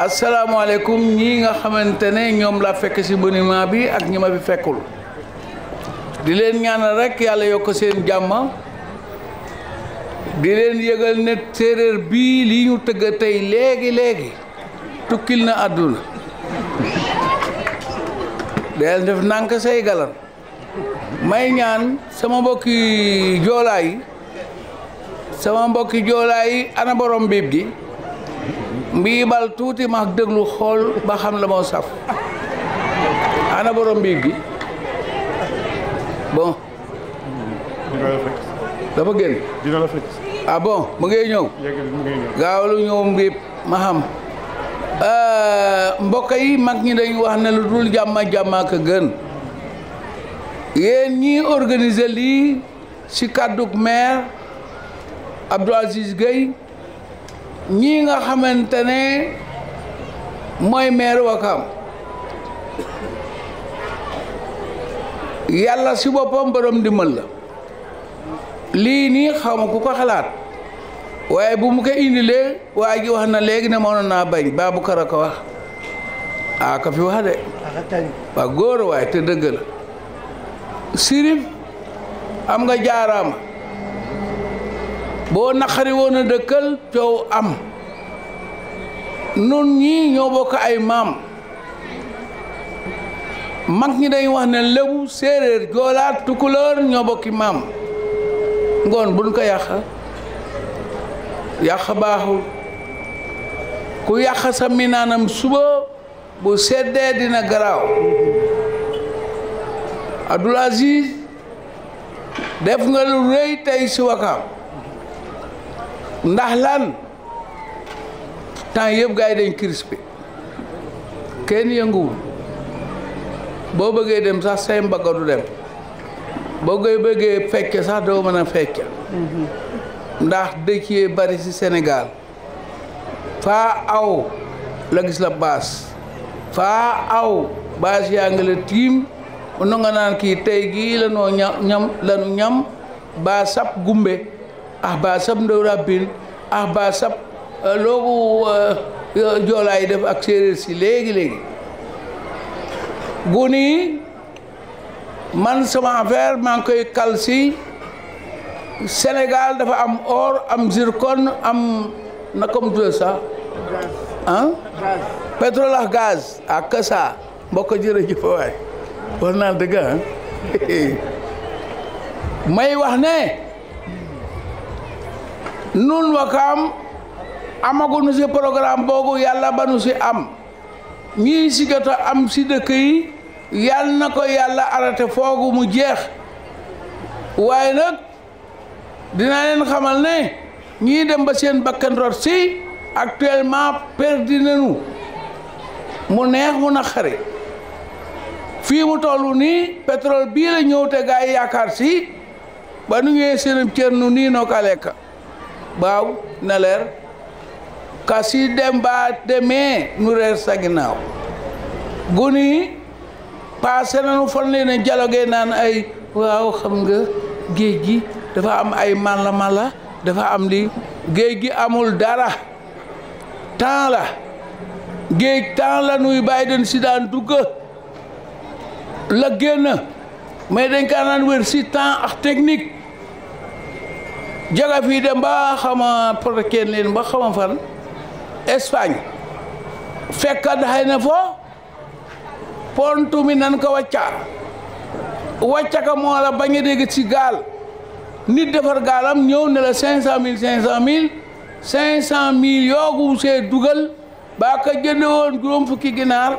asalaamaaleykum ñii nga xamante ne ñoom laa fekk ci monument bi ak ñi ma fi fekkul di leen ñaanal rekk yàlla yokk seen jàmm di leen yëgal ne séeréer bii li ñu tey léegi léegi tukkil na àdduna del def nànk say galan may ñaan sama mbokki joolaa yi sama mbokki joolaa ana borom biib gi mbiibal tuuti ma déglu xool ba xam la moo saf ana borom mbiib gi bon. dafa génn. dina ah bon mu ngi ñëw. gaaw lu ñëw mbiib ma xam. Euh, mbokk yi mag ñi dañu wax ne dul jàmma jàmma ka gën yéen ñii organiser lii si kàddug maire Abdou Aziz Gueye ñii nga xamante ne mooy maire Wakam yàlla si boppam borom dimbal la lii nii xaw ma ku ko xalaat waaye bu mu ko indilee waa ji wax na léegi ne mënoon naa bañ Babacar a ko wax a ka fi wax de waa góor waaye te dëgg la sirif am nga jaaraam boo naqari woon a dëkkal coow am nun ñii ñoo bokk ay maam mag ñi dañ wax ne lébu séeréer joolaat tukulóor ñoo bokki maam ngoon buñ ko yàq yàq baaxul ku yàq sa minaanam suba bu seddee dina garaaw Abdoul def nga lu rëy tey si ndax lan temps yëpp gars yi dañ crispé kenn yënguwul boo bëggee dem sax say mbagga du dem boo koy bëggee fecce sax doo mën a fecce ndax dëkk bari ci Sénégal faa aw la gis la baas faa aw baas yaa ngi la tiim nu nga naan kii tey gii lanu ñam baa sab gumbe ahbaasab ndaw rabbin ahbaasab euh, loogu euh, euh, joolaa yi def ak séeréer si léegi léegi guni man sama affaire maa koy kal si Sénégal dafa am or am zircon am na comme tout ça ah pétrole ak gaz ak ah, kasa mbokk jërëjëf waay war naa dëgg may wax ne nun wakaam amagunu si programme boobu yàlla ba nu si am ñii si jot am si dëkk yi yàlla na ko yàlla arrêté foogu mu jeex waaye nag dinaa leen xamal ne ñii dem ba seen bakkan rot si actuellement perdi mu neex mu naqari fii mu toll nii pétrole bii la ñëw te gaa yi yaakaar si ba nu ñëwee seenum cër nu nii noo ka baaw na leer kasi demba demee nu reer sa ginnaaw guni paase nanu fan leen a dialogué naan ay waaw xam nga géej gi dafa am ay mala mala dafa am li géej gi amul dara temps la géej temps la nuy bàyyi den si daan dugg la génn mais dañ kaa naan wér si temps ak technique jóge fii dem ba xama protéine leen ba xama fan Espagne fekkat xëy na fo pontu mi nan ko wàcca wàcca ka moo la bañ a dégg ci gaal nit defar gaalam ñëw ne la cinq mille cinq cent mille cinq cent mille yoogu see dugal baa ka jënde woon juróom fukki ginaar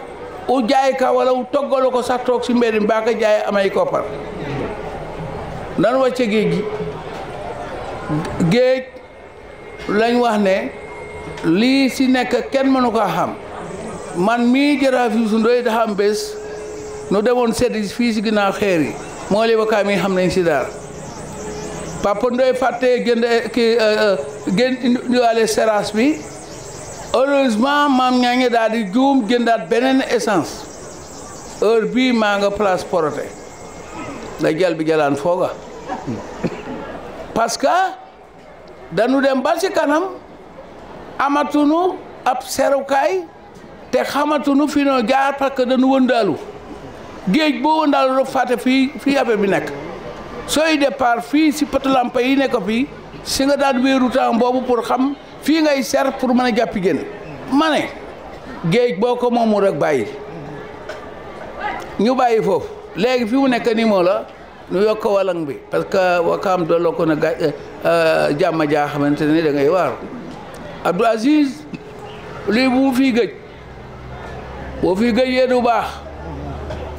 u jaay ka wala u toggalu ko sax toog ci mbedd mi baa ka jaay amay koppar nan wàcca géej géej lañ wax ne lii si nekk kenn mënu ko xam man mi jaraaf Youssou Ndoye da bés nu demoon sedd fii si ginnaaw xeer yi moo li bakaa mi xam nañ si daal Papa Ndoye fàttee eh, jënd ki eh, eh, gén indiwaale bi heureusement maam ñaa ngi daal di juum jëndaat beneen essence heure bii maa nga place Porote la jal jalaan fooga parce que dañu dem ba ci kanam amatunu ab serukaay te xamatunu fi noo jaar parce que wëndaalu géej boo wëndaalu rek fàtte fii fii yabe bi nekk sooy départ fii si poteau lampe yi nekk fii si nga daan wéeru boobu pour xam fii ngay ser pour mën a jàppi génn ma géej boo ko moomu rek bàyyi ñu bàyyi foofu léegi fi mu nekk nii nu yokk walang bi parce que Wakaam dolloo na ga euh, euh, jàmm jaa xamante ni da ngay waar Abdou Aziz lii bu fii gëj boo fii gëjee du baax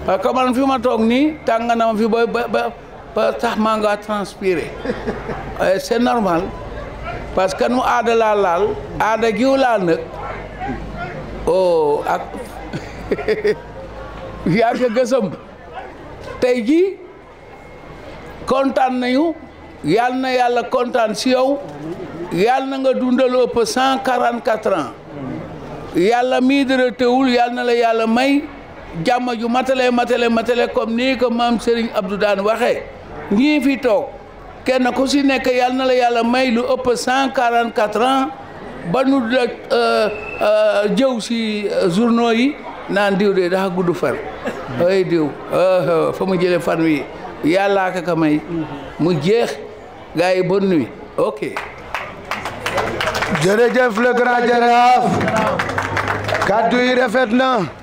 parce que man fi ma toog nii tàng na ma fi ba ba tax maa nga transpirer euh, c'est normal parce que nu aada laa laal aada giw laal nag oh ak yaa ko tey jii kontaan nañu yal na yàlla kontaan si yow yal na nga dundal ëpp cent quarante quatre mii dara teewul yal na la yàlla may jàmm ju matale matale matale comme nii ko maam Serigne Abdou daan waxe ñii fi toog kenn ku si nekk yal na la yàlla may lu ëpp cent quarante quatre ans ba nu da euh, euh, jëw si euh, journaux yi naan diw de dafa gudd fan ay diw fa mu jëlee fan wi yàllaa ka ka may mu jeex gars yi bonne nuit ok jërëjëf le grand jaraaf kaddu yi rafet na